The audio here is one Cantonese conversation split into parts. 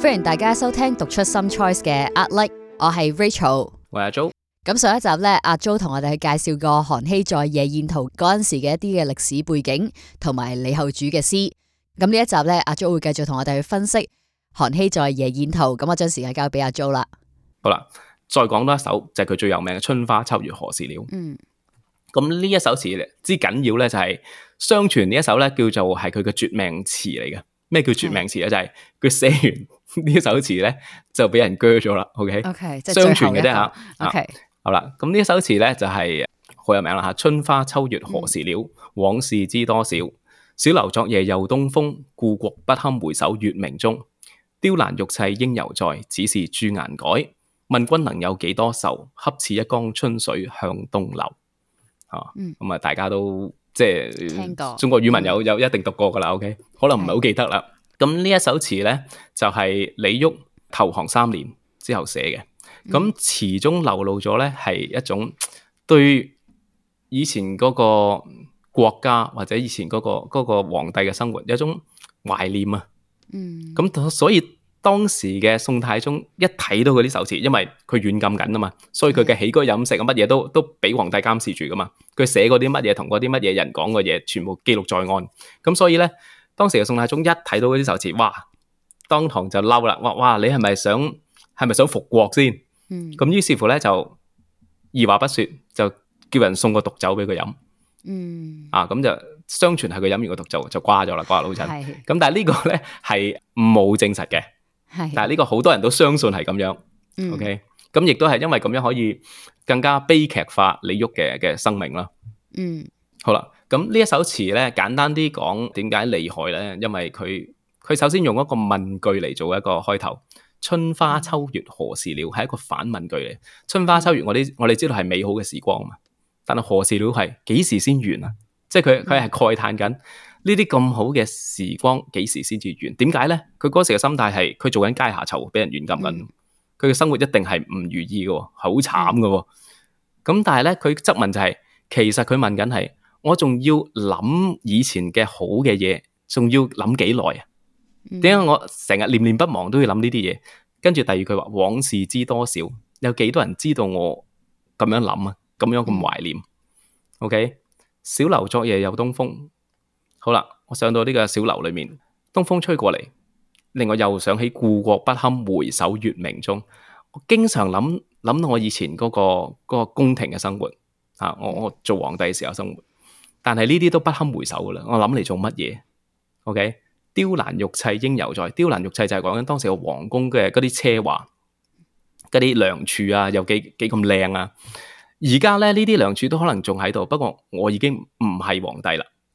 歡迎大家收聽讀出 Some Choice 嘅 Art Like，我係 Rachel，我係阿 Jo。咁上一集咧，阿、啊、Jo 同我哋去介紹過韓熙載《夜宴圖》嗰陣時嘅一啲嘅歷史背景，同埋李後主嘅詩。咁呢一集咧，阿、啊、Jo 會繼續同我哋去分析韓熙載《夜宴圖》。咁我將時間交俾阿 Jo 啦。好啦，再講多一首，就係、是、佢最有名嘅春花秋月何時了。嗯，咁呢一首詞咧，之緊要咧就係、是、相傳這呢一首咧，叫做係佢嘅絕命詞嚟嘅。咩叫絕命詞啊？就係佢寫完呢首詞咧，就俾人鋸咗啦。OK，OK，即係相傳嘅啫吓。OK，好啦，咁呢首詞咧就係好有名啦吓。春花秋月何時了？嗯、往事知多少？小樓昨夜又東風，故國不堪回首月明中。雕欄玉砌應猶在，只是朱顏改。問君能有幾多愁？恰似一江春水向東流。嗯、啊，咁啊，大家都。即係、就是、過中國語文有有一定讀過噶啦、嗯、，OK，可能唔係好記得啦。咁呢一首詞咧，就係、是、李煜投降三年之後寫嘅。咁詞中流露咗咧，係一種對以前嗰個國家或者以前嗰、嗰個、嗰個皇帝嘅生活有一種懷念啊。嗯，咁所以。當時嘅宋太宗一睇到佢啲手刺，因為佢軟禁緊啊嘛，所以佢嘅起居飲食啊乜嘢都都俾皇帝監視住噶嘛。佢寫嗰啲乜嘢，同嗰啲乜嘢人講嘅嘢，全部記錄在案。咁所以咧，當時嘅宋太宗一睇到嗰啲手刺，哇，當堂就嬲啦，話哇，哇你係咪想係咪想復國先？咁、嗯、於是乎咧就二話不說，就叫人送個毒酒俾佢飲。嗯、啊，咁就相傳係佢飲完個毒酒，就瓜咗啦，瓜老襯。咁是但係呢個咧係冇證實嘅。但係呢個好多人都相信係咁樣，嗯，OK，咁亦都係因為咁樣可以更加悲劇化李煜嘅嘅生命啦。嗯，好啦，咁呢一首詞咧，簡單啲講點解厲害咧？因為佢佢首先用一個問句嚟做一個開頭，春花秋月何時了，係一個反問句嚟。春花秋月我哋我哋知道係美好嘅時光嘛，但係何時了係幾時先完啊？即係佢佢係慨嘆緊。呢啲咁好嘅時光幾時先至完？點解咧？佢嗰時嘅心態係佢做緊階下囚，俾人軟禁緊。佢嘅生活一定係唔如意嘅，好慘嘅。咁但係咧，佢質問就係、是，其實佢問緊係，我仲要諗以前嘅好嘅嘢，仲要諗幾耐啊？點解我成日念念不忘都要諗呢啲嘢？跟住第二句話，往事知多少？有幾多人知道我咁樣諗啊？咁樣咁懷念？OK，小樓昨夜又東風。好啦，我上到呢個小樓裏面，東風吹過嚟，令我又想起故國不堪回首月明中。我經常諗諗到我以前嗰個嗰個宮廷嘅生活，啊、我我做皇帝嘅時候生活，但係呢啲都不堪回首啦。我諗嚟做乜嘢？O K，雕欄玉砌應猶在，雕欄玉砌就係講緊當時嘅皇宮嘅嗰啲奢華、嗰啲梁柱啊，有幾幾咁靚啊。而家咧呢啲梁柱都可能仲喺度，不過我已經唔係皇帝啦。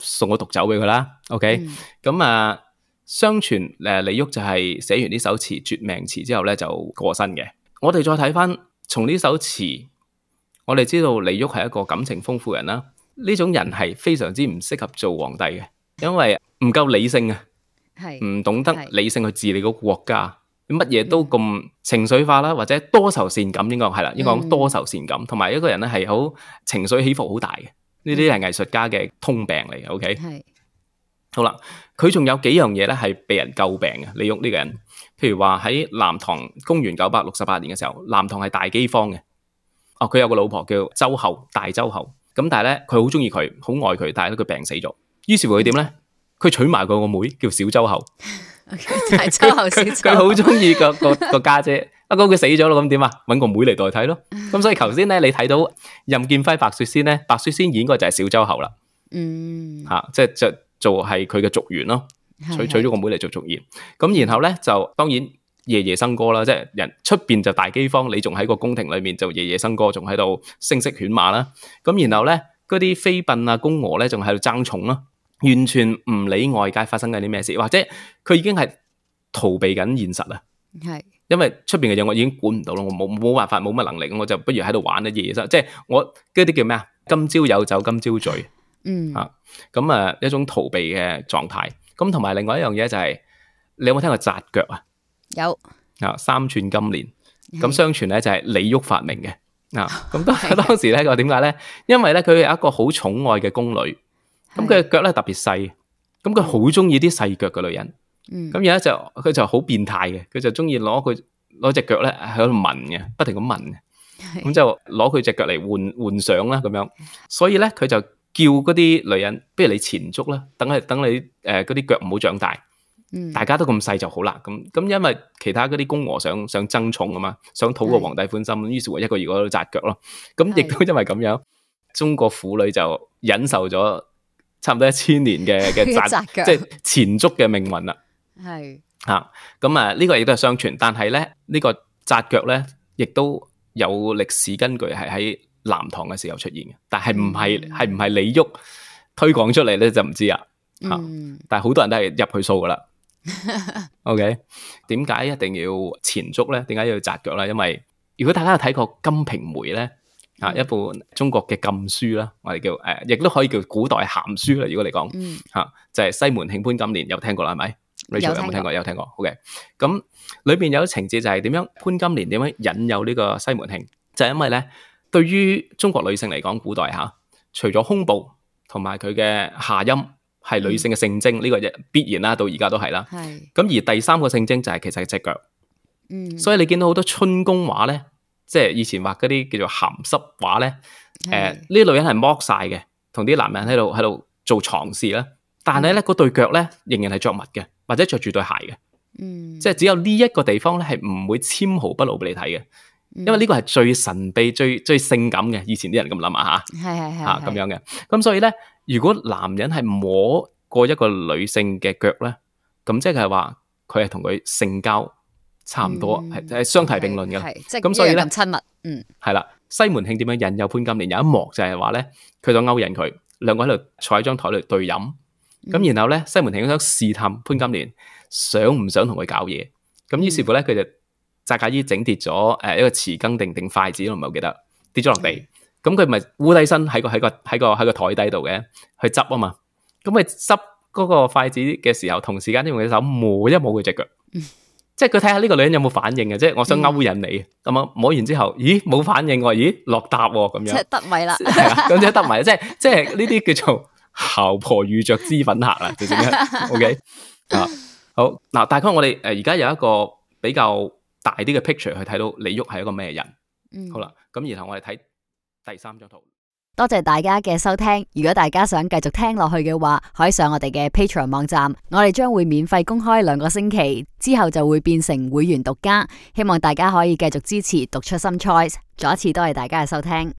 送個毒酒俾佢啦，OK，咁啊、嗯，相傳誒李煜就係寫完呢首詞絕命詞之後咧就過身嘅。我哋再睇翻從呢首詞，我哋知道李煜係一個感情豐富人啦。呢種人係非常之唔適合做皇帝嘅，因為唔夠理性啊，係唔是懂得理性去治理個國家，乜嘢都咁情緒化啦，嗯、或者多愁善,善感，應該係啦，應該講多愁善感，同埋一個人咧係好情緒起伏好大嘅。呢啲係藝術家嘅通病嚟嘅，OK？是好啦，佢仲有幾樣嘢咧，係被人詬病嘅。李煜呢個人，譬如話喺南唐公元九百六十八年嘅時候，南唐係大飢荒嘅。哦，佢有個老婆叫周後，大周後。咁但係咧，佢好中意佢，好愛佢，但係咧佢病死咗。於是乎佢點咧？佢娶埋佢個妹,妹叫小周後，Okay, 大周後，小周後。佢好中意個個個家姐,姐。 阿哥佢死咗咯，咁點啊？搵個妹嚟代替咯。咁 所以頭先咧，你睇到，任劍輝白雪仙咧，白雪仙演個就係小周后啦。嗯，吓、啊，即係就是，做係佢嘅續弦咯，嗯，娶娶咗個妹嚟做續弦。咁的然後咧就當然夜夜笙歌啦，即係人出邊就大饑荒，你仲喺個宮廷裏面就夜夜笙歌，仲喺度聲色犬馬啦。咁、啊、然後咧嗰啲妃嬪啊宮娥咧，仲喺度爭寵啦，完全唔理外界發生緊啲咩事，或者佢已經係逃避緊現實啊。係。因為出邊嘅嘢我已經管唔到咯，我冇冇辦法，冇乜能力，我就不如喺度玩一嘢。生、就是，即係我嗰啲叫咩、嗯、啊？今朝有酒今朝醉，嗯啊，咁啊一種逃避嘅狀態。咁同埋另外一樣嘢就係、是，你有冇聽過紮腳啊？有啊，三寸金蓮，咁的相傳咧就係李煜發明嘅的啊。咁當當時咧個點解咧？因為咧佢有一個好寵愛嘅宮女，咁佢嘅腳咧特別細，咁佢好中意啲細腳嘅女人。咁而家就佢就好變態嘅，佢就中意攞佢攞隻腳咧喺度聞嘅，不停咁聞嘅，咁的就攞佢隻腳嚟換換相啦咁樣。所以咧，佢就叫嗰啲女人，不如你纏足啦，等你等你誒嗰啲腳唔好長大，嗯、大家都咁細就好啦。咁咁因為其他嗰啲宮娥想想爭寵啊嘛，想討個皇帝歡心，於是乎的一個二個喺度紮腳咯，咁亦都因為咁樣，的中國婦女就忍受咗差唔多 一千年嘅嘅紮腳即係纏足嘅命運啦。係吓咁啊！呢個亦都係相傳，但係咧呢、這個紮腳咧，亦都有歷史根據，係喺南唐嘅時候出現嘅。但係唔係係唔係李煜推廣出嚟咧，就唔知啦吓。嗯、但係好多人都係入去數噶啦。 OK，點解一定要纏足咧？點解要紮腳咧？因為如果大家有睇過《金瓶梅》咧、啊、一部中國嘅禁書啦，我哋叫誒，亦、啊、都可以叫古代咸書啦。如果你講吓、啊，就係、是、西門慶潘金蓮，有聽過啦，係咪？有聽過，有聽過，好嘅。咁裏面有啲情節就係點樣潘金蓮點樣引誘呢個西門慶，就係因為咧，對於中國女性嚟講，古代吓，除咗胸部同埋佢嘅下陰係女性嘅性徵，呢個必然啦，到而家都係啦。咁而第三個性徵就係其實係隻腳。嗯，所以你見到好多春宮畫咧，即係以前畫嗰啲叫做鹹濕畫咧，誒，呢女人係剝晒嘅，同啲男人喺度喺度做床事啦，但係咧嗰對腳咧仍然係着襪嘅。或者著住對鞋嘅，嗯，即係只有呢一個地方咧，係唔會纖毫不露俾你睇嘅，嗯、因為呢個係最神秘、最最性感嘅。以前啲人咁諗啊，嚇，係係係，嚇咁樣嘅。咁所以咧，如果男人係摸過一個女性嘅腳咧，咁即係話佢係同佢性交差唔多，係、嗯、相提並論嘅。係，即係咁所以咁親密，嗯，係啦。西門慶點樣引誘潘金蓮有一幕就係話咧，佢就勾引佢，兩個喺度坐喺張台度對飲。咁、嗯、然後咧，西門慶想試探潘金蓮，想唔想同佢搞嘢？咁於、嗯、是乎咧，佢就詐假意整跌咗，誒一個匙羹定定筷子，唔係好記得跌咗落地。咁佢咪烏低身喺個喺個喺個喺個台底度嘅去執啊嘛。咁佢執嗰個筷子嘅時候，同時間都用隻手摸一摸佢隻腳，嗯、即係佢睇下呢個女人有冇反應嘅，即係我想勾引你。咁啊、嗯、摸完之後，咦冇反應喎，咦落搭喎咁樣，即係得米啦，係啊，咁即係得米，即係即係呢啲叫做姣婆遇着脂粉客啦，叫點啊？OK，啊 好嗱，大概我哋誒而家有一個比較大啲嘅 picture 去睇到李煜係一個咩人？嗯，好啦，咁然後我哋睇第三張圖。多謝大家嘅收聽，如果大家想繼續聽落去嘅話，可以上我哋嘅 Patreon 網站，我哋將會免費公開兩個星期，之後就會變成會員獨家。希望大家可以繼續支持讀出心 choice，再一次多謝大家嘅收聽。